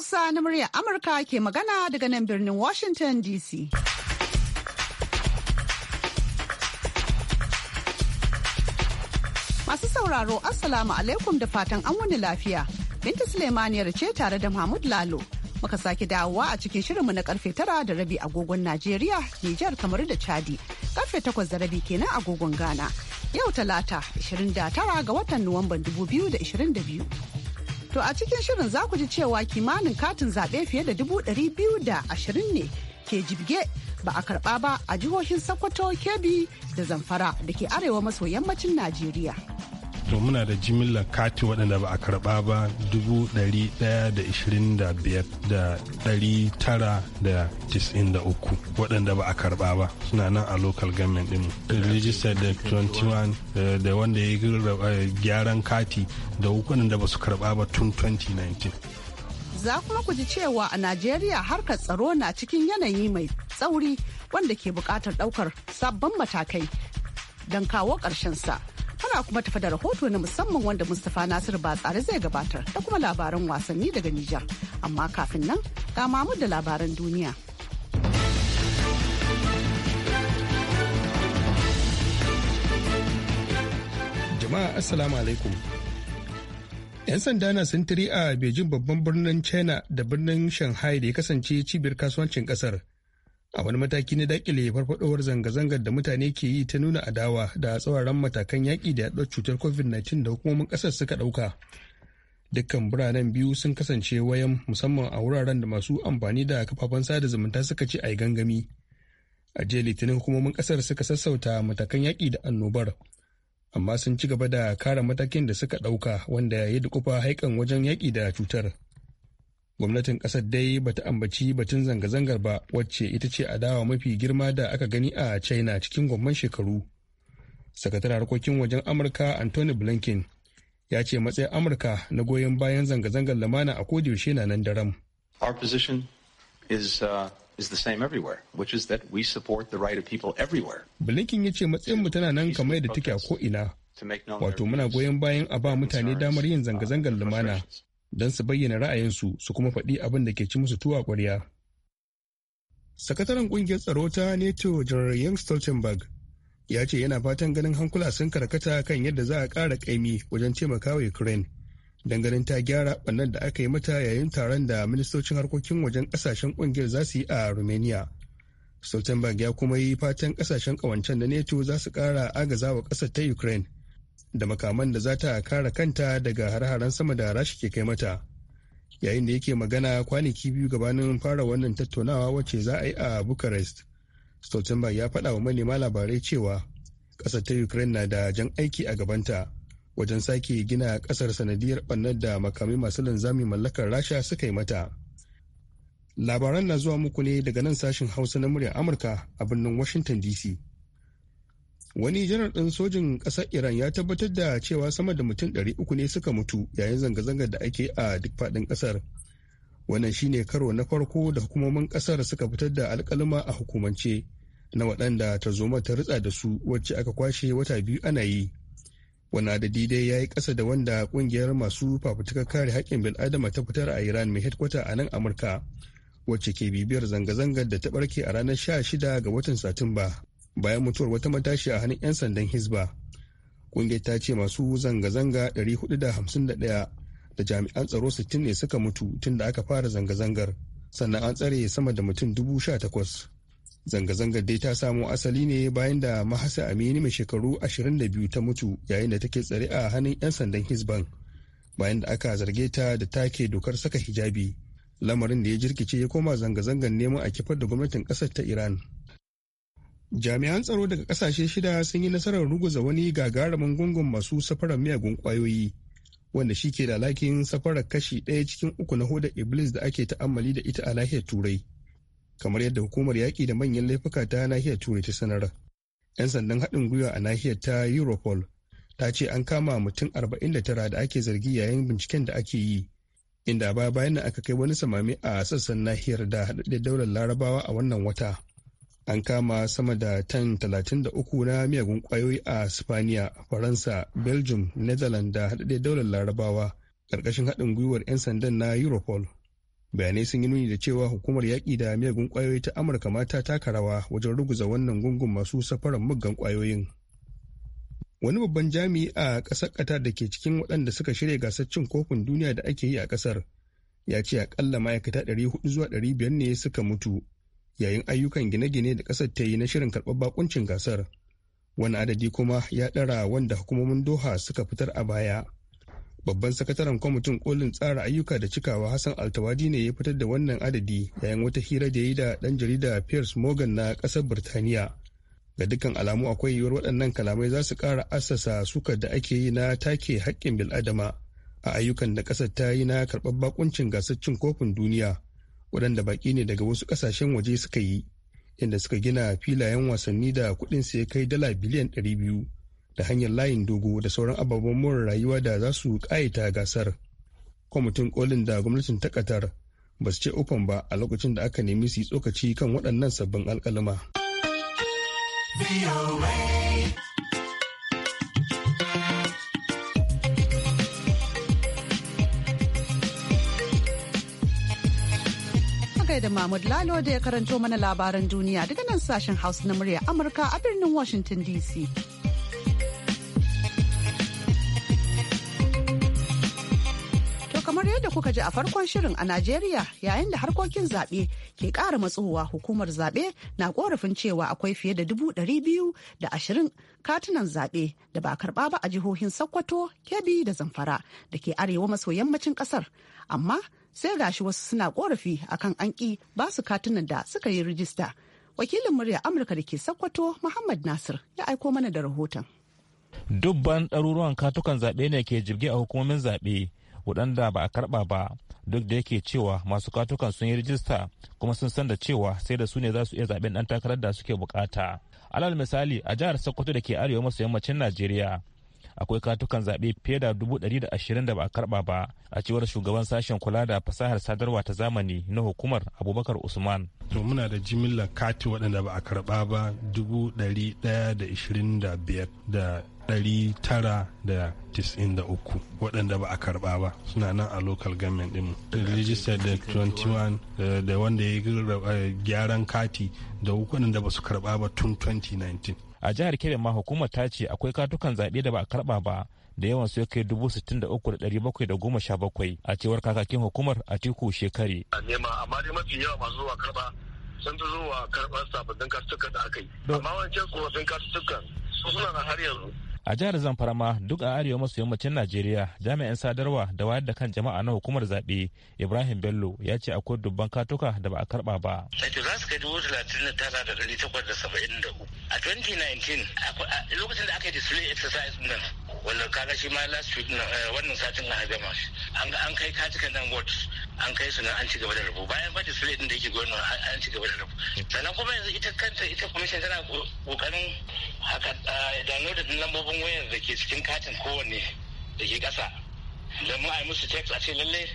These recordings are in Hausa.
Hausa na murya Amurka ke magana daga nan birnin Washington DC. Masu sauraro, Assalamu alaikum da fatan an wani lafiya. Binta Suleimaniyar ce tare da Mahmud Lalo. Muka sake dawowa a cikin shirinmu na karfe tara da rabi agogon Najeriya, Nijar kamar da Chadi. Karfe takwas da rabi kenan agogon Ghana. Yau talata 29 ga watan Nuwamban 2022. To a cikin shirin za ku ji cewa kimanin katin zaɓe fiye da dubu ɗari biyu da ashirin ne ke jibge ba a karɓa ba a jihohin Sokoto, Kebbi da Zamfara da ke arewa maso yammacin Najeriya. to muna da jimillar kati waɗanda ba a karɓa ba dubu ɗaya da ishirin da biyar uku waɗanda ba a karɓa ba suna nan a local government ɗin register da 21 eh, da wanda ya eh, gyaran kati da waɗanda ba su karɓa ba tun 2019 za kuma ku ji cewa a najeriya harkar tsaro na cikin yanayi mai tsauri wanda ke buƙatar ɗaukar sabbin matakai don kawo ƙarshensa. sa tana kuma tafi da rahoto na musamman wanda Mustapha Nasir Batsari zai gabatar da kuma labaran wasanni daga Nijar. Amma kafin nan ga mamu da labaran duniya. Jama'a Assalamu alaikum. 'Yan sanda na sintiri a Beijing babban birnin China da birnin Shanghai da ya kasance cibiyar kasuwancin ƙasar. a wani mataki na dakile farfadowar zanga-zangar da mutane ke yi ta nuna adawa da tsawaran matakan yaƙi da yaɗuwar cutar covid-19 da hukumomin ƙasar suka ɗauka dukkan biranen biyu sun kasance wayan musamman a wuraren da masu amfani da kafafen sada zumunta suka ci a gangami a jiya litinin hukumomin ƙasar suka sassauta matakan yaƙi da annobar amma sun ci gaba da kare matakin da suka ɗauka wanda ya yi da dukufa haikan wajen yaƙi da cutar. gwamnatin kasar dai bata ambaci batun zanga-zangar ba wacce ita ce a dawa mafi girma da aka gani a china cikin gwamman shekaru sakataren harkokin wajen amurka anthony blinken ya ce matsayin amurka na goyon bayan zanga-zangar lamana a kodiyoshe na nan daram our uh, we support the right of people Blinken ya ce matsayinmu tana nan kamar da take a ko'ina. Wato muna goyon bayan a ba mutane damar yin zanga-zangar lumana don su bayyana ra'ayinsu su kuma faɗi abin da ke ci musu tuwa ƙwarya. Sakataren ƙungiyar tsaro ta NATO General Jens Stoltenberg ya ce yana fatan ganin hankula sun karkata kan yadda za a ƙara ƙaimi wajen taimakawa Ukraine. ganin ta gyara ɓannan da aka yi mata yayin taron da ministocin harkokin wajen ƙasashen ƙungiyar za su yi a Romania. Stoltenberg ya kuma yi fatan ƙasashen ƙawancen da NATO za su ƙara agazawa ƙasar ta Ukraine da makaman da za ta kare kanta daga har-haren sama da rasha ke kai mata yayin da yake magana kwanaki biyu gabanin fara wannan tattaunawa wacce za a yi a bucharest stoltenberg ya faɗa wa manema labarai cewa ƙasar ta ukraine na da jan aiki a gabanta wajen sake gina ƙasar sanadiyar ɓannar da makamai masu linzami mallakar rasha suka yi mata labaran na zuwa muku ne daga nan sashen hausa na muryar amurka a birnin washington dc wani janar ɗin sojin ƙasar iran ya tabbatar da cewa sama da mutum ɗari uku ne suka mutu yayin zanga-zangar da ake a duk faɗin ƙasar wannan shine karo na farko da hukumomin ƙasar suka fitar da alƙaluma a hukumance na waɗanda zoma ta ritsa da su wacce aka kwashe wata biyu ana yi wani adadi dai ya yi ƙasa da wanda ƙungiyar masu fafutukar kare haƙƙin bil'adama ta fitar a iran mai hedkwata a nan amurka wacce ke bibiyar zanga-zangar da ta ɓarke a ranar 16 ga watan satumba bayan mutuwar wata matashi a hannun 'yan sandan Hizba. ƙungiyar ta ce masu zanga-zanga 451 da jami'an tsaro 60 ne suka mutu tun da aka fara zanga-zangar sannan an tsare sama da mutum 18,000. Zanga-zangar dai ta samo asali ne bayan da mahasa amini mai shekaru 22 ta mutu yayin da take tsare a hannun 'yan sandan Hisban, bayan da aka zarge ta da take dokar saka hijabi. Lamarin da ya jirkice ya koma zanga-zangar neman a kifar da gwamnatin ƙasar ta Iran. jami'an tsaro daga kasashe shida sun yi nasarar ruguza wani gagarumin gungun masu safarar miyagun kwayoyi wanda shi ke da lakin safarar kashi ɗaya cikin uku na hudar iblis da ake ta'ammali da ita a nahiyar turai kamar yadda hukumar yaƙi da manyan laifuka ta nahiyar turai ta sanar 'yan sandan haɗin gwiwa a nahiyar ta europol ta ce an kama mutum arba'in da tara da ake zargi yayin binciken da ake yi inda baya bayan aka kai wani samami a sassan nahiyar da haɗaɗɗen daular larabawa a wannan wata an kama sama da tan 33 na miyagun kwayoyi a spaniya faransa belgium netherlands da haɗaɗe daular larabawa ƙarƙashin haɗin gwiwar 'yan sandan na europol bayanai sun yi nuni da cewa hukumar yaƙi da miyagun kwayoyi ta amurka mata taka rawa wajen ruguza wannan gungun masu safaran muggan kwayoyin wani babban jami'i a ƙasar qatar da ke cikin waɗanda suka shirya gasar cin kofin duniya da ake yi a ƙasar ya ce akalla ma'aikata 400 zuwa 500 ne suka mutu yayin ayyukan gine-gine da ƙasar ta yi na shirin karɓar bakuncin gasar wani adadi kuma ya ɗara wanda hukumomin doha suka fitar a baya babban sakataren kwamitin kolin tsara ayyuka da cikawa hassan altawadi ne ya fitar da wannan adadi yayin wata hira da ya yi da ɗan jarida piers morgan na ƙasar birtaniya ga dukkan alamu akwai yiwuwar waɗannan kalamai za su ƙara assasa sukar da ake yi na take haƙƙin bil'adama a ayyukan da ƙasar ta yi na karɓar bakuncin gasar cin kofin duniya waɗanda baƙi ne daga wasu ƙasashen waje suka yi inda suka gina filayen wasanni da kuɗin su ya kai dala biliyan ɗari biyu da hanyar layin dogo da sauran ababen more rayuwa da za su ƙayata gasar kwamitin kolin da gwamnatin ta katar ba su ce ofan ba a lokacin da aka nemi su yi tsokaci kan waɗannan sabbin alƙaluma. kai da Mahmud Lalo da ya karanto mana labaran duniya daga nan sashen Hausa na murya Amurka a birnin Washington DC. kamar yadda kuka ji a farkon shirin a najeriya yayin da harkokin zaɓe ke ƙara matsowa hukumar zaɓe na korafin cewa akwai fiye da dubu ɗari biyu da ashirin katunan zaɓe da ba karɓa ba a jihohin sokoto kebbi da zamfara da ke arewa maso yammacin ƙasar amma sai gashi wasu suna korafi akan an ƙi ba su katunan da suka yi rijista wakilin murya amurka da ke sokoto muhammad nasir ya aiko mana da rahoton dubban ɗaruruwan katukan zaɓe ne ke jirgi a hukumomin zaɓe waɗanda ba a karɓa ba duk da yake cewa masu katukan sun yi rijista kuma sun san da cewa sai da su ne za su iya zaɓen ɗan takarar da suke bukata. alal misali a jihar sokoto da ke arewa maso yammacin najeriya akwai katukan zaɓe fiye da dubu ɗari da ashirin da ba a karɓa ba a cewar shugaban sashen kula da fasahar sadarwa ta zamani na hukumar abubakar usman to muna da jimillar kati waɗanda ba a karɓa ba dubu ɗari ɗaya da ishirin da biyar da ɗari tara da uku waɗanda ba a karɓa ba suna nan a local government ɗinmu rijista da 21 eh, da wanda ya eh, gyaran kati da uku waɗanda ba su karɓa ba tun 2019 a jihar kebbi ma hukumar ta ce akwai katukan zaɓe da ba a karɓa ba da yawan su ya kai dubu sittin da uku da ɗari bakwai da goma sha bakwai a cewar kakakin hukumar a tiku shekari. nema amma dai mafi yawa masu zuwa karɓa sun fi zuwa karɓar sababbin kasutukan da aka yi amma wancan tsofaffin kasutukan su suna har yanzu a jihar zamfara ma duk a arewa maso yammacin najeriya jami'an sadarwa da wayar da kan jama'a na hukumar zaɓe ibrahim bello ya ce akwai dubban katuka da ba a karba ba za su kai dubu talatin da tara da ɗari takwas da saba'in da uku a 2019 lokacin da aka yi display exercise nan wanda kaga shi ma last week eh, wannan satin na hajjama an kai katukan nan wot an kai su nan an ci gaba da rabo bayan ba da sule din da yake gwamna an ci gaba da rabo sannan kuma yanzu ita kanta ita commission tana kokarin haka download din lambobin wayar da ke cikin katin kowanne da ke kasa don mu a yi musu text a ce lalle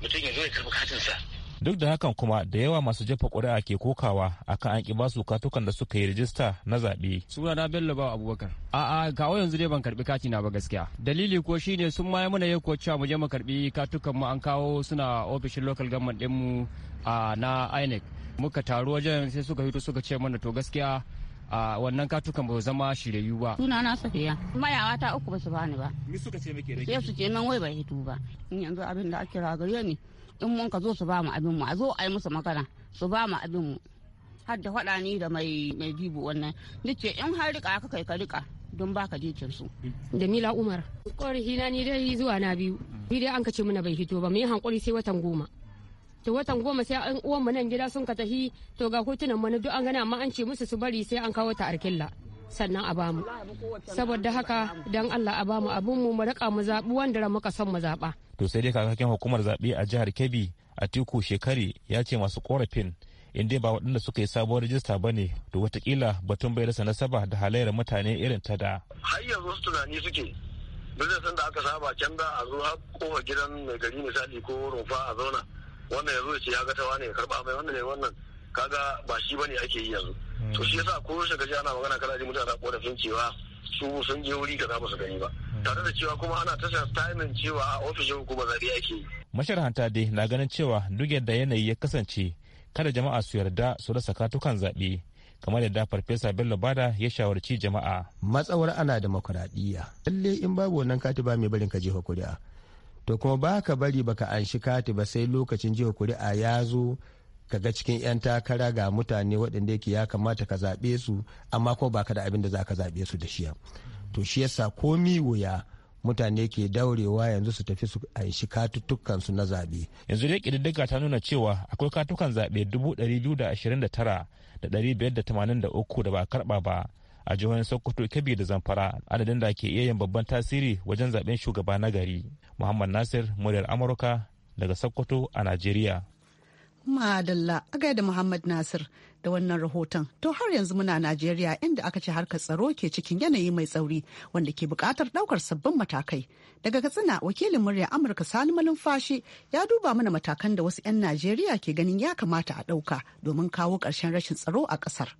mutum ya zo ya karbi katinsa duk da hakan kuma da yawa masu jefa ƙuri'a ke kokawa akan an ƙi basu katukan da suka yi rijista na zaɓe. suna na bello ba abubakar a'a kawo yanzu dai ban karɓi kati na ba gaskiya dalili ko shine sun ma mana ya ko cewa mu je mu karɓi katukan mu an kawo suna ofishin local government ɗin mu na inec muka taru wajen sai suka fito suka ce mana to gaskiya a wannan katukan ba zama shirayu ba. Suna na Safiya. Mayawa ta uku ba su bani ba. Ni suka ce muke rage. Sai su ce nan wai ba hito ba. In yanzu abin da ake ragare ne. in mun ka zo su ba mu abin mu a zo a yi musu magana su ba mu abin mu har da faɗa ni da mai mai bibu wannan ce in har rika ka kai ka rika don baka jikin su jamila umar ƙorafi na ni dai zuwa na biyu ni dai an kace mana bai hito ba mu yi hankuri sai watan goma to watan goma sai an uwan mu nan gida sun ka tahi to ga kotunan mu duk an gana amma an ce musu su bari sai an kawo ta arkilla sannan a bamu saboda haka dan allah a bamu abin mu mu rika mu zabi wanda muka son mu zaɓa. to sai dai kakakin hukumar zaɓe a jihar kebbi a tiku shekari ya ce masu korafin inda dai ba waɗanda suka yi sabuwar rajista ba ne to watakila batun bai rasa nasaba da halayyar mutane irin ta da. har yanzu wasu tunani suke san da aka saba can da a zo har kofa gidan mai gari misali ko rumfa a zauna wannan yanzu ce ya ga tawa ne karba mai wannan ne wannan kaga ba shi bane ake yi yanzu. to hmm. shi yasa ko shi gaji ana magana kana ji mutane korafin cewa su sun je wuri kaza ba su gani ba hmm. tare da cewa kuma ana tasha timing cewa a ofishin hukumar zari ake yi. masharhanta dai na ganin cewa duk yadda yanayi ya kasance kada jama'a su yarda su rasa katukan zaɓe kamar yadda farfesa bello bada ya shawarci jama'a matsawar ana demokuraɗiyya lalle in babu wannan katiba mai barin ka jefa kuri'a to kuma ba ka bari baka anshi kati ba sai lokacin jefa kuri'a ya zo kaga cikin 'yan takara ga mutane waɗanda yake ya kamata ka zaɓe su amma ko ka da abin da za ka zaɓe su da shiya to shi yasa komi wuya mutane ke daurewa yanzu su tafi su anshi katutukan su na zaɓe. yanzu dai ƙididdiga ta nuna cewa akwai katukan zaɓe 229,583 da ba karɓa ba a jihohin sokoto kebbi da zamfara adadin da ke iya yin babban tasiri wajen zaɓen shugaba na gari muhammad nasir muryar amurka daga sokoto a najeriya Madalla a gaida Muhammad Nasir da wannan rahoton. To har yanzu muna Najeriya inda aka ce harkar tsaro ke cikin yanayi mai tsauri wanda ke bukatar ɗaukar sabbin matakai. Daga Katsina wakilin murya Amurka Sani Malumfashi ya duba mana matakan da wasu 'yan Najeriya ke ganin ya kamata a ɗauka domin kawo ƙarshen rashin tsaro a ƙasar.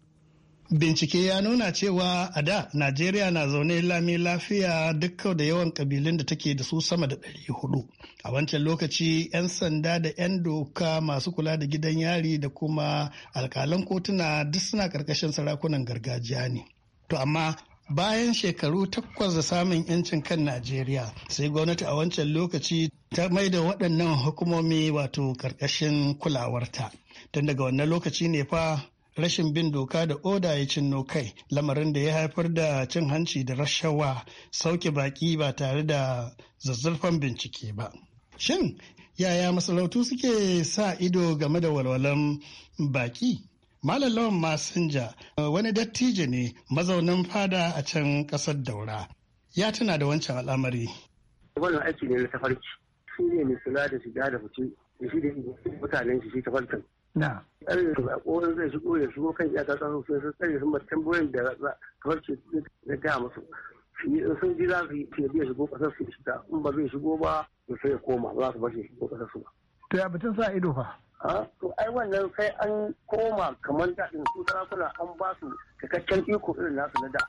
Bincike ya nuna cewa a da Najeriya na zaune lami lafiya dukkan da yawan kabilun da take da su sama da ɗari hudu. A wancan lokaci 'yan sanda da 'yan doka masu kula da gidan yari da kuma alkalan kotuna duk suna ƙarƙashin sarakunan gargajiya ne. To amma bayan shekaru takwas da samun 'yancin kan Najeriya sai gwamnati a wancan lokaci ta mai da waɗannan hukumomi wato ƙarƙashin kulawarta. Tun daga wannan lokaci ne fa rashin bin doka da oda ya cinno kai lamarin da ya haifar da cin hanci da rashawa sauke baki ba tare da zazzurfan bincike ba shin yaya masarautu suke sa ido game da walwalan baki malalawan Masinja wani dattijo ne mazaunin fada a can ƙasar Daura. Ya tuna da wancan al'amari. Wannan aiki ne na tafarki. Shi ne mai da shiga da fice da shi da mutanen shi shi tafarkin. na tsarin da ko zai shigo ya shigo kan iyaka kasu sai sun tsare su matan boyan da kamar ce da gaya musu sun ji za su yi ce biya shigo ƙasar su shiga in ba zai shigo ba su sai ya koma za su bashi shigo kasar su ba. to ya batun sa ido fa. to ai wannan sai an koma kamar da in su sarakuna an ba su cikakken iko irin nasu na da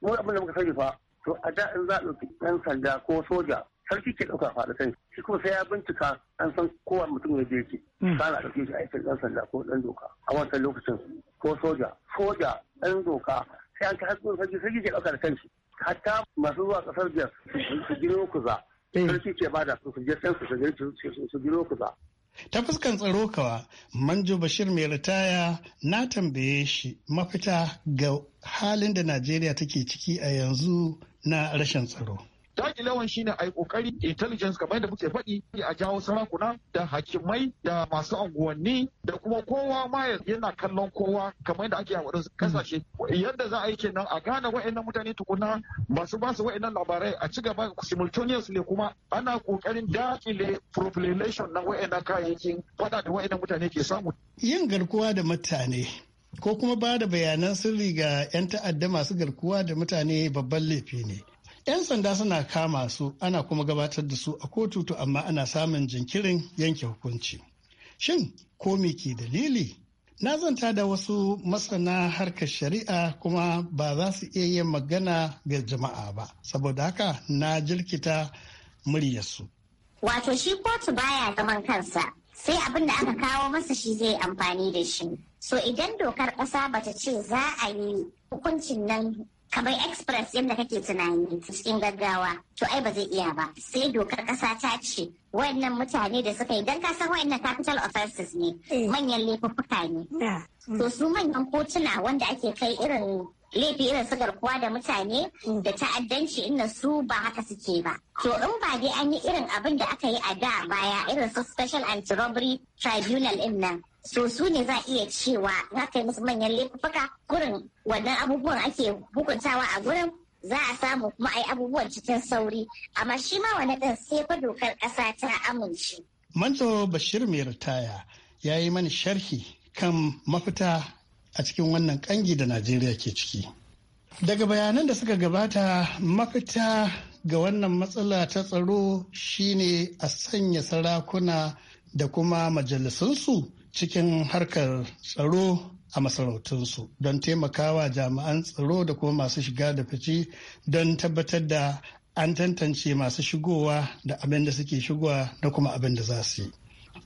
mu abin da muka sani fa to a da in za a ɗauki ɗan sanda ko soja sarki ke ɗauka faɗa sani shi kuma sai ya bincika an san kowa mutum ya je yake kana hmm. ɗauke shi aikin ɗan sanda ko ɗan doka a wancan lokacin ko soja soja ɗan doka sai an kai hasbun sarki sarki ke ɗauka da kanshi hatta masu zuwa ƙasar biyar su gino kuza eh. sarki ke bada su su je su su gino kuza. Ta fuskan tsaro kawa, Manjo Bashir mai ritaya na tambaye shi mafita ga halin da Najeriya take ciki a yanzu na rashin tsaro. dakilawan shine ai kokari intelligence kamar da muke faɗi a jawo sarakuna da hakimai da masu unguwanni da kuma kowa ma yana kallon kowa kamar da ake a kasashe mm. yadda za a yi kenan a gane wa'annan mutane tukuna masu basu wa'annan labarai a ci gaba ne kuma ana kokarin dakile population na wa'annan kayayyakin faɗa da wa'annan mutane ke samu yin garkuwa da mutane ko kuma ba da bayanan sirri ga 'yan ta'adda masu garkuwa da mutane babban laifi ne 'Yan sanda suna kama su ana kuma gabatar da su a kotu to amma ana samun jinkirin yanke hukunci. Shin ko me ke dalili? Na zanta da wasu masana harkar shari'a kuma ba za su iya yin magana ga jama'a ba, saboda haka na jirkita muryarsu. Wato shi kotu baya zaman kansa, sai abin da aka kawo masa shi zai amfani da shi. So idan dokar ƙasa bata ce za a yi hukuncin nan kamar express yadda kake tunani cikin gaggawa to ai ba zai iya ba sai dokar kasa ta ce wayannan mutane da suka yi dan ka san wayannan capital offenses ne eh. manyan laifuffuka ne mm. to su manyan kotuna wanda ake kai irin laifi irin su garkuwa da mutane mm. da ta'addanci inda su ba haka suke ba. To in ba dai an yi irin abin da aka yi a da baya irin su special anti-robbery tribunal din nan. So su ne za iya cewa za ka yi musu manyan laifuka gurin wannan abubuwan ake hukuntawa a gurin za a samu kuma a yi abubuwan cikin sauri. Amma shi ma wani ɗin sai fa dokar ƙasa ta amince. manzo Bashir mai ritaya ya yi mani sharhi kan mafita a cikin wannan kangi da najeriya ke ciki daga bayanan da suka gabata mafita ga wannan matsala ta tsaro shine a sanya sarakuna da kuma majalisunsu cikin harkar tsaro a masarautunsu don taimakawa jami'an tsaro da kuma masu shiga da fice don tabbatar da an tantance masu shigowa da abin da suke shigowa da kuma abin da za su yi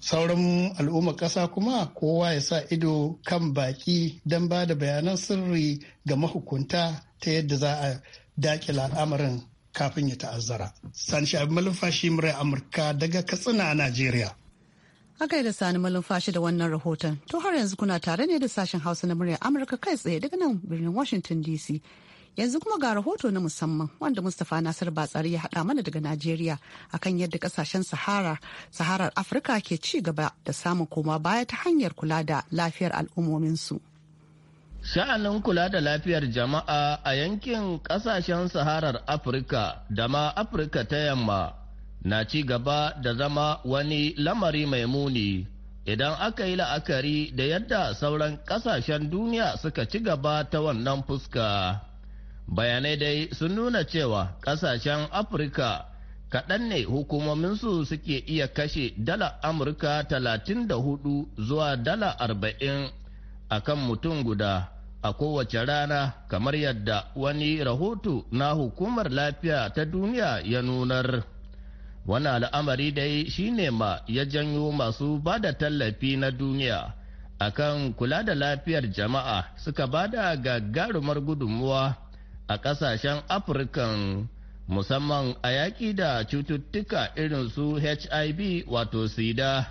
sauran al'ummar ƙasa kuma kowa ya sa ido kan baki don ba da bayanan sirri ga mahukunta ta yadda za a daƙi al'amarin kafin ya ta'azzara. Sani Shabi Malumfashi murai Amurka daga Katsina a Najeriya. Haka da Sani Malumfashi da wannan rahoton. To har yanzu kuna tare ne da sashen Hausa na muryar Amurka kai tsaye daga nan birnin Washington DC. Yanzu kuma ga rahoto na musamman wanda Mustapha Nasir Batsari ya hada mana daga Najeriya akan yadda kasashen Sahara, Saharar Afirka ke ci gaba da samun koma baya ta hanyar kula da lafiyar al'ummominsu. Sha'anin kula da lafiyar jama'a a yankin kasashen Saharar Afirka da ma Afirka ta yamma na ci gaba da zama wani lamari mai muni idan aka yi la'akari da yadda sauran kasashen duniya suka ci gaba ta wannan fuska. bayanai dai sun nuna cewa kasashen afirka kaɗan ne hukumominsu suke iya kashe dala amurka 34 zuwa dala 40 a kan mutum guda a kowace rana kamar yadda wani rahoto na hukumar lafiya ta duniya ya nunar wani al'amari dai shine ma ya janyo masu bada tallafi na duniya akan kula da lafiyar jama'a suka ba da gagarumar gudunmuwa a ƙasashen afirkan musamman a yaƙi da cututtuka irin su hiv wato sida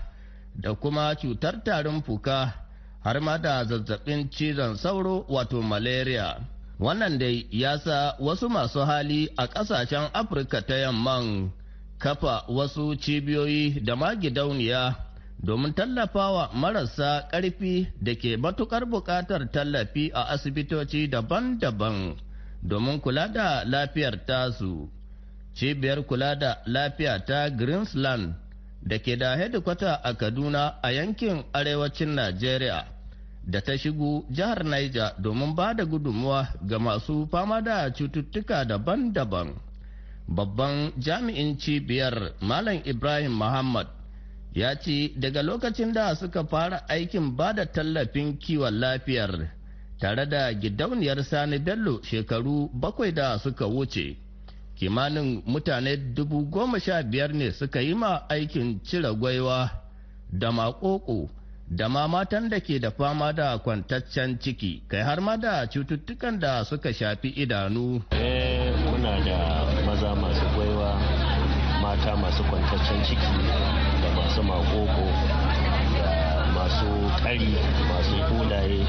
da kuma cutar tarin fuka har ma da zazzabin cizon sauro wato malaria wannan dai ya sa wasu masu hali a ƙasashen afirka ta yamman kafa wasu cibiyoyi da magidauniya domin tallafawa marasa ƙarfi da ke matuƙar buƙatar tallafi a asibitoci daban-daban domin kula da lafiyar tasu. Cibiyar kula da lafiya ta Greensland da ke da hedikwata a Kaduna a yankin arewacin Najeriya da ta shigo jihar Niger domin ba da gudunmuwa ga masu fama da cututtuka daban-daban. Babban jami'in cibiyar Malam Ibrahim Muhammad ya ce daga lokacin da suka fara aikin ba da tallafin kiwon lafiyar. tare da gidauniyar sani bello shekaru bakwai da suka wuce kimanin mutane dubu goma sha biyar ne suka yi ma aikin cire gwaiwa da makoko da ma matan da ke da fama da kwantaccen ciki kai har ma da cututtukan da suka shafi idanu eh, muna da maza masu gwaiwa mata masu kwantaccen ciki da masu makoko masu kari masu kulaye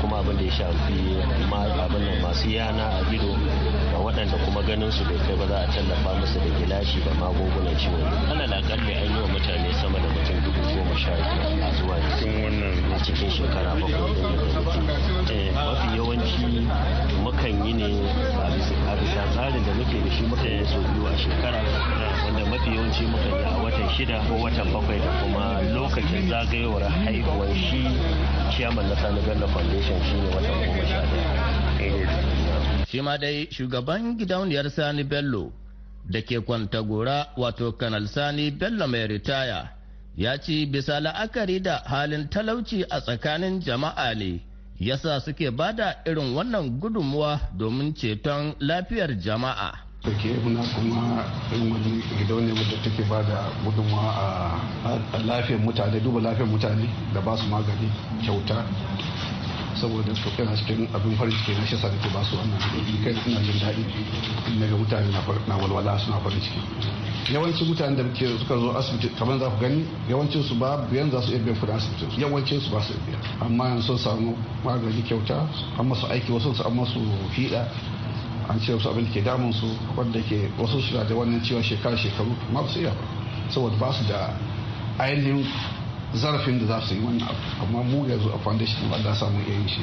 kuma abin da ya shafi abin da masu yana a gido a waɗanda kuma ganin su bai kai ba za a tallafa musu da gilashi ba magungunan ciwon ana lakalli an yi wa mutane sama da mutum dubu goma sha biyar zuwa cikin wannan cikin shekara bakwai da eh, mafi yawanci kan yi ne a bisa tsarin da muke da shi mukan yi sau biyu a shekara wanda mafi yawanci mukan yi a watan shida ko watan bakwai da kuma lokacin zagayowar haihuwar shi ciyaman na sani bello foundation shine watan goma sha daya shi ma dai shugaban gidauniyar sani bello da ke kwanta gora wato kanal sani bello mai ritaya ya ci bisa la'akari da halin talauci a tsakanin jama'a ne yasa suke bada irin wannan gudunmuwa domin ceton lafiyar jama'a. da ke muna kuma wani gidauniyar wadda take ba da gudunmawa a lafiyar mutane duba lafiyar mutane da ba su magani kyauta saboda su kai hasken abin farin ciki na shasa da ke basu wannan haɗin kai ina jin daɗi na ga mutane na walwala suna farin ciki yawancin mutane da muke suka zo asibiti kamar za ku gani yawancin su ba biyan za su iya biyan kuɗin asibiti yawancin su ba su biya amma yanzu sun samu magani kyauta an masu aiki wasu su an masu fiɗa an ce wasu abin da ke damun su wanda ke wasu su da wannan ciwon shekara shekaru ma su iya saboda ba su da ainihin zarafin da za su yi wannan abu amma mu yanzu a foundation ba za samu iya yin shi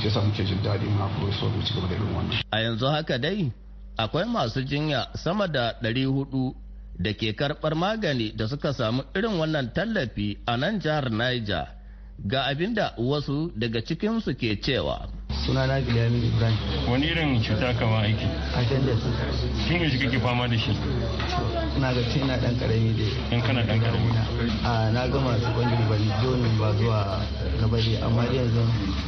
shi yasa muke jin daɗi ma ko so mu ci da irin wannan a yanzu haka dai akwai masu jinya sama da ɗari hudu da ke karɓar magani da suka samu irin wannan tallafi a nan jihar Niger ga abin da wasu daga cikinsu ke cewa. Suna na Bilamin Ibrahim. Wani irin cuta kama aiki? a da Shi ne shi kake fama da shi? na ga ce na dan karami da in kana dan karami a na gama su ban bari ba zuwa na bari amma yanzu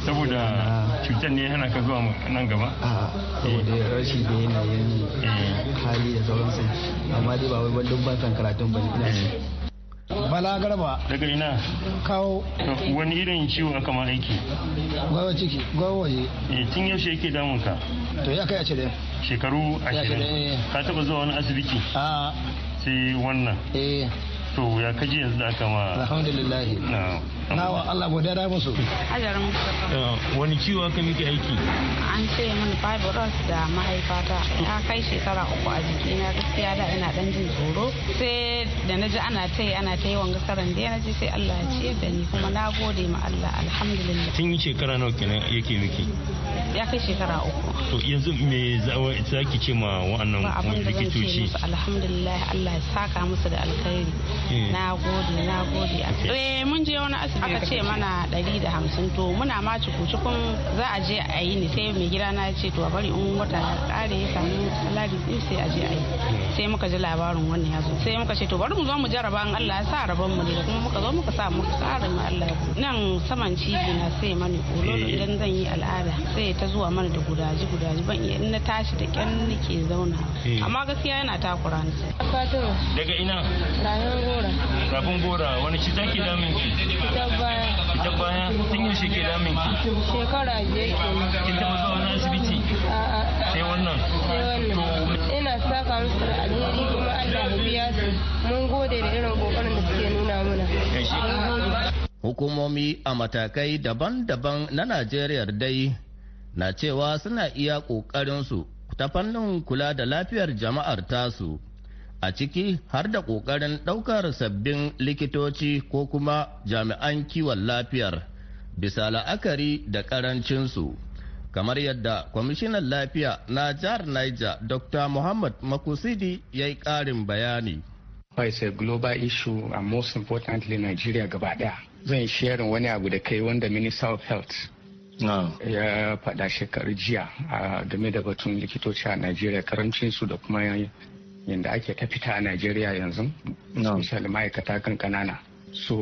saboda cutar ne yana ka zuwa nan gaba a saboda eh. rashi da yanayin eh. hali da sauransu amma dai ba wai ban dubban karatun ba ne eh. bala garba daga ina kawo wani irin ciwo aka ma aiki gwawa ciki gwawa ji eh, tun yaushe yake damun ka to ya kai a cire shekaru ashirin eh. ka taba zuwa wani asibiti a sai wannan eh to ya kaji yanzu da aka ma alhamdulillah na wa Allah godiya da musu ajarin musu eh, wani ciwo aka miki aiki an ce min fibroids da mahaifata ya kai shekara uku a jikina gaskiya da ina dan jin tsoro sai da na ji ana ta yi ana ta yi wanga karan da na ji sai Allah ya ce da ni kuma na gode ma Allah alhamdulillah tun yi shekara nawa kenan yake miki ya kai shekara uku to yanzu me za ce ma wa'annan likitoci alhamdulillah Allah ya saka musu da alkhairi eh. na gode na gode eh mun je wani asibiti aka ce mana 150 to muna ma cikin za a je a yi ne sai mai gida na ce to a bari in wata ya kare ya samu salari sai a je a yi eh. sai muka ji labarin wannan ya zo sai muka ce to bari mu zo mu jaraba in Allah ya sa rabon mu ne kuma muka zo muka sa muka tsara mu Allah nan saman ciki na sai mani kololo eh. idan zan yi al'ada sai ta zuwa mana da gudaji gudaji ban iya in na tashi da kyan nake zauna eh. amma gaskiya yana takura ni daga ina rafin gora rafin gora wani ci zaki min ki ita baya ita baya tun yaushe ke damin ki shekara biyar ke kin taba zuwa wani asibiti mun gode da irin kokarin da suke nuna muna hukumomi a matakai daban-daban na najeriya dai na cewa suna iya su ta fannin kula da lafiyar jama'ar tasu a ciki har da kokarin ɗaukar sabbin likitoci ko kuma jami'an kiwon lafiyar bisa la'akari da karancinsu kamar yadda kwamishinan lafiya na jihar niger dr muhammad makusidi ya yi karin bayani It's a global issue and most importantly Nigeria gaba daya. Zan sharing wani abu da kai wanda Minister of Health ya faɗa shekaru jiya a game da batun likitoci a Nigeria karancin su da kuma yanda ake ta fita a Nigeria yanzu. Misali ma'aikata kan ƙanana. so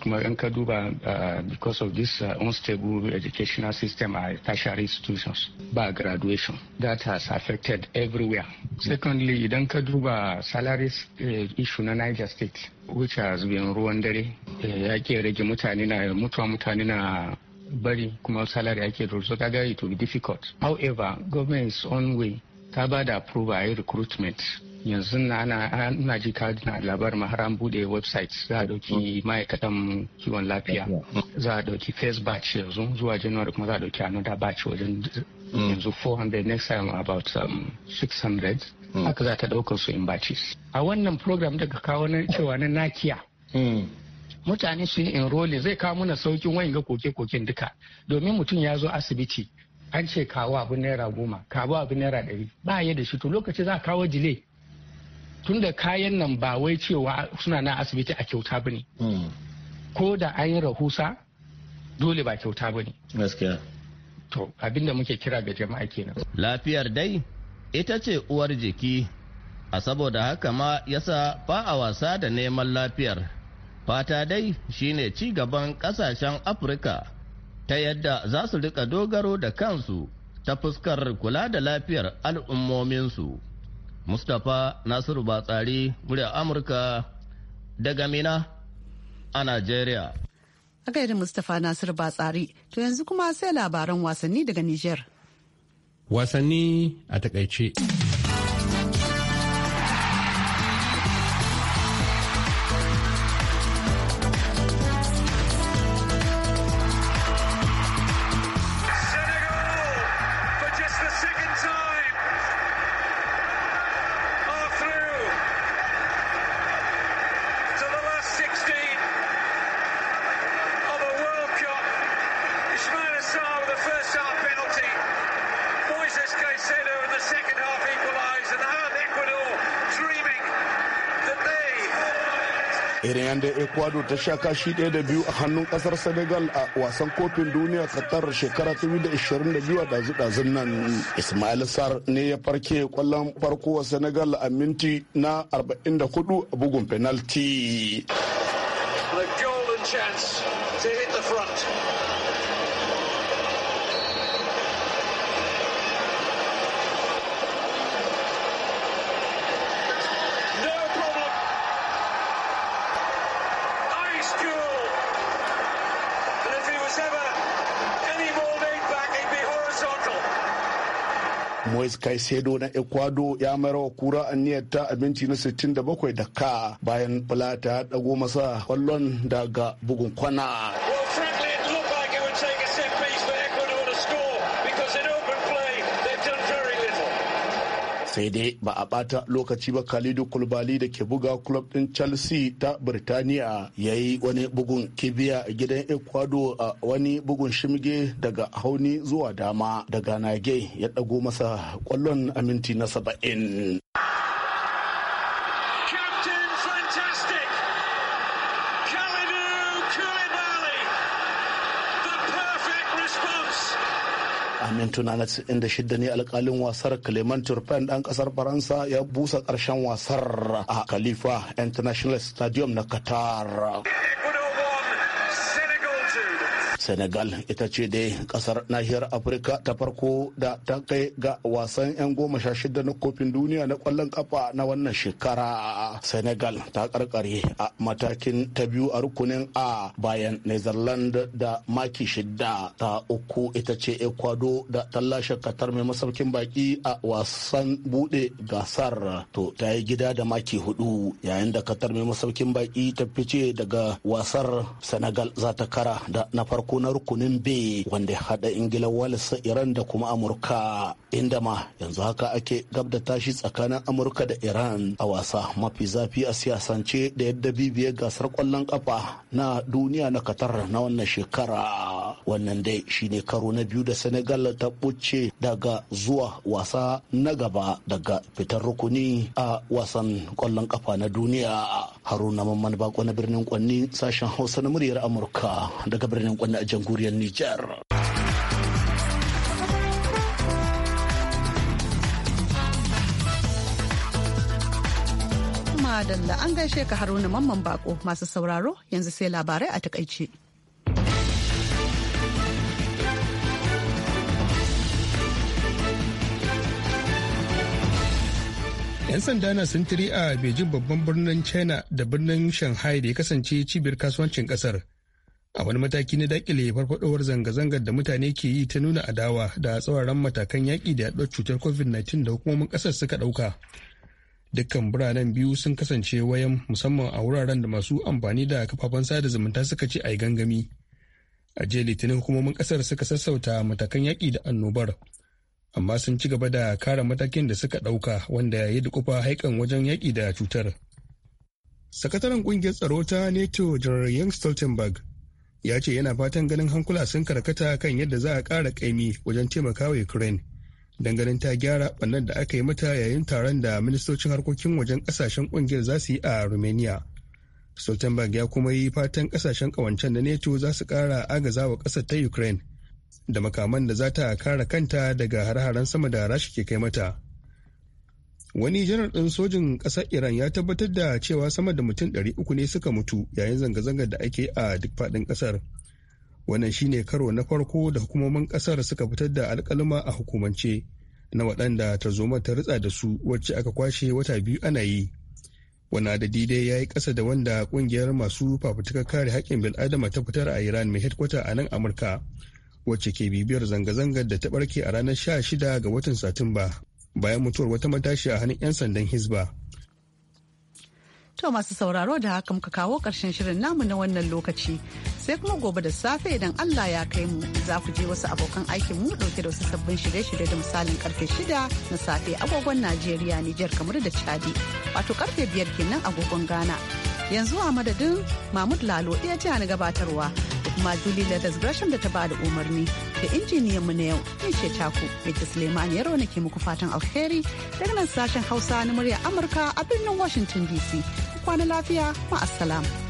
kuma in ka duba uh, because of this uh, unstable educational system at tertiary institutions ba graduation that has affected everywhere secondly idan ka duba salaries uh, issue na niger state which has been ruwan dare ya eh, ke rage mutane na mutuwa mutane na bari kuma salary ake so kaga it will be difficult however government's own way ta ba da approval a yi recruitment yanzu na ana ji ka na labar maharan bude website za a dauki ma'aikatan kiwon lafiya za a dauki first batch yanzu zuwa january kuma za a dauki another batch wajen mm. yanzu 400 next time about um, 600 mm. haka za ta daukar su in batches a wannan program daga kawo na cewa na nakiya mm. mutane su yi enrolling zai kawo mana saukin wayan ga koke-koken duka domin mutum ya zo asibiti an ce kawo abin naira goma kawo abin naira ɗari ba ya da shi to lokaci za a kawo jile da kayan nan ba wai cewa suna na asibiti a kyauta ba ne hmm. ko da an yi rahusa dole ba kyauta ba ne gaskiya to abinda muke kira ga jama'a kenan lafiyar dai ita ce uwar jiki a saboda haka ma yasa ba a wasa da neman lafiyar fata dai shine ci gaban kasashen afirka ta yadda za su rika dogaro da kansu ta fuskar kula da lafiyar al'ummominsu. Mustapha Nasiru Batsari, murya Amurka daga Mina a Najeriya. A gaida Mustapha Nasiru Batsari, to yanzu kuma sai labaran wasanni daga Nijar. Wasanni a takaice. irin yadda ecuador ta sha kashi ɗaya da biyu a hannun ƙasar senegal a wasan kofin duniya qatar shekara 2022 a dazu-dazun nan ismail sar ne ya farke kwallon farko wa senegal a minti na 44 a bugun penalti moise caicedo na ecuador ya mayar wa kura aniyar ta abinci na 67 da ka bayan plata ya dago masa kwallon daga bugun kwana daidai ba a bata lokaci ba khalidu kulbali da ke buga club din chelsea ta birtaniya ya yi wani bugun kibiya gidan ecuador a wani bugun shimge daga hauni zuwa dama daga nage ya dago masa kwallon aminti na saba'in mintuna na 96 ne alkalin wasar Clement Turpin dan kasar Faransa ya busa karshen wasar a Khalifa International Stadium na Qatar. senegal ita ce dai kasar nahiyar afirka ta farko da ta kai ga wasan 'yan goma sha shida na kofin duniya na kwallon kafa na wannan shekara senegal ta karkare a matakin ta biyu a rukunin a bayan netherland da maki shida ta uku ita ce ecuador da tallashe katar mai masaukin baki a wasan bude gasar to ta yi gida da maki hudu yayin da katar mai masaukin baki ta fice daga wasar senegal za ta kara da na farko na rukunin B wanda ya haɗa Ingila walisa Iran da kuma Amurka inda ma yanzu haka ake gab da tashi tsakanin Amurka da Iran a wasa mafi zafi a siyasance da yadda bibiyar gasar kwallon kafa na duniya na katar na wannan shekara wannan dai shine karo na biyu da Senegal ta buce daga zuwa wasa na gaba daga fitar rukuni a wasan kwallon kafa na duniya Haruna Mamman Bako birnin Kwanni sashen Hausa na muryar Amurka daga birnin Kwanni a jamhuriyar Nijar. Madalla an gaishe ka haruna mamman bako masu sauraro yanzu sai labarai a takaice. yan sanda na sintiri a beijing babban birnin china da birnin shanghai da ya kasance cibiyar kasuwancin kasar a wani mataki na dakile farfadowar zanga-zangar da mutane ke yi ta nuna adawa da tsauraran matakan yaƙi da yaɗuwar cutar covid-19 da hukumomin ƙasar suka ɗauka dukkan biranen biyu sun kasance wayan musamman a wuraren da masu amfani da kafafen sada zumunta suka ce a gangami a jiya litinin hukumomin ƙasar suka sassauta matakan yaƙi da annobar amma sun ci gaba da kare matakin da suka ɗauka wanda ya kufa haikan wajen yaƙi da cutar sakataren ƙungiyar tsaro ta neto janar young stoltenberg ya ce yana fatan ganin hankula sun karkata kan yadda za a ƙara ƙaimi wajen taimakawa ukraine ganin ta gyara ɓannan da aka yi mata yayin taron da ministocin harkokin wajen ƙasashen ƙungiyar za su yi a romania stoltenberg ya kuma yi fatan ƙasashen ƙawancen da neto za su ƙara agazawa ƙasar ta ukraine da makaman da za ta kare kanta daga har-haren sama da rashi ke kai mata wani janar ɗin sojin ƙasar iran ya tabbatar da cewa sama da mutum 300 ne suka mutu yayin zanga-zangar da ake a duk faɗin ƙasar wannan shine karo na farko da hukumomin ƙasar suka fitar da alƙaluma a hukumance na waɗanda tarzoma ta ritsa da su wacce aka kwashe wata biyu ana yi wani adadi dai ya yi ƙasa da wanda ƙungiyar masu fafutukar kare haƙƙin bil'adama ta fitar a iran mai hedkwata a nan amurka wacce ke bibiyar zanga-zangar da ta ɓarke a ranar 16 ga watan satumba bayan mutuwar wata matashi a hannun 'yan sandan Hizba. To masu sauraro da haka muka kawo ƙarshen shirin namu na wannan lokaci sai kuma gobe da safe idan Allah ya kai mu za ku je wasu abokan aikin mu dauke da wasu sabbin shirye-shirye da misalin karfe shida na safe agogon Najeriya Nijar kamar da Chadi wato karfe biyar kenan agogon Ghana. yanzu a madadin mahmud lalo ɗaya jiya na gabatarwa da kuma julie ladas gresham da ta bada umarni da injiniyan mu na yau in ce taku mita suleiman yaro na ke muku fatan alheri daga nan sashen hausa na murya amurka a birnin washington dc kwana lafiya ma'assalam.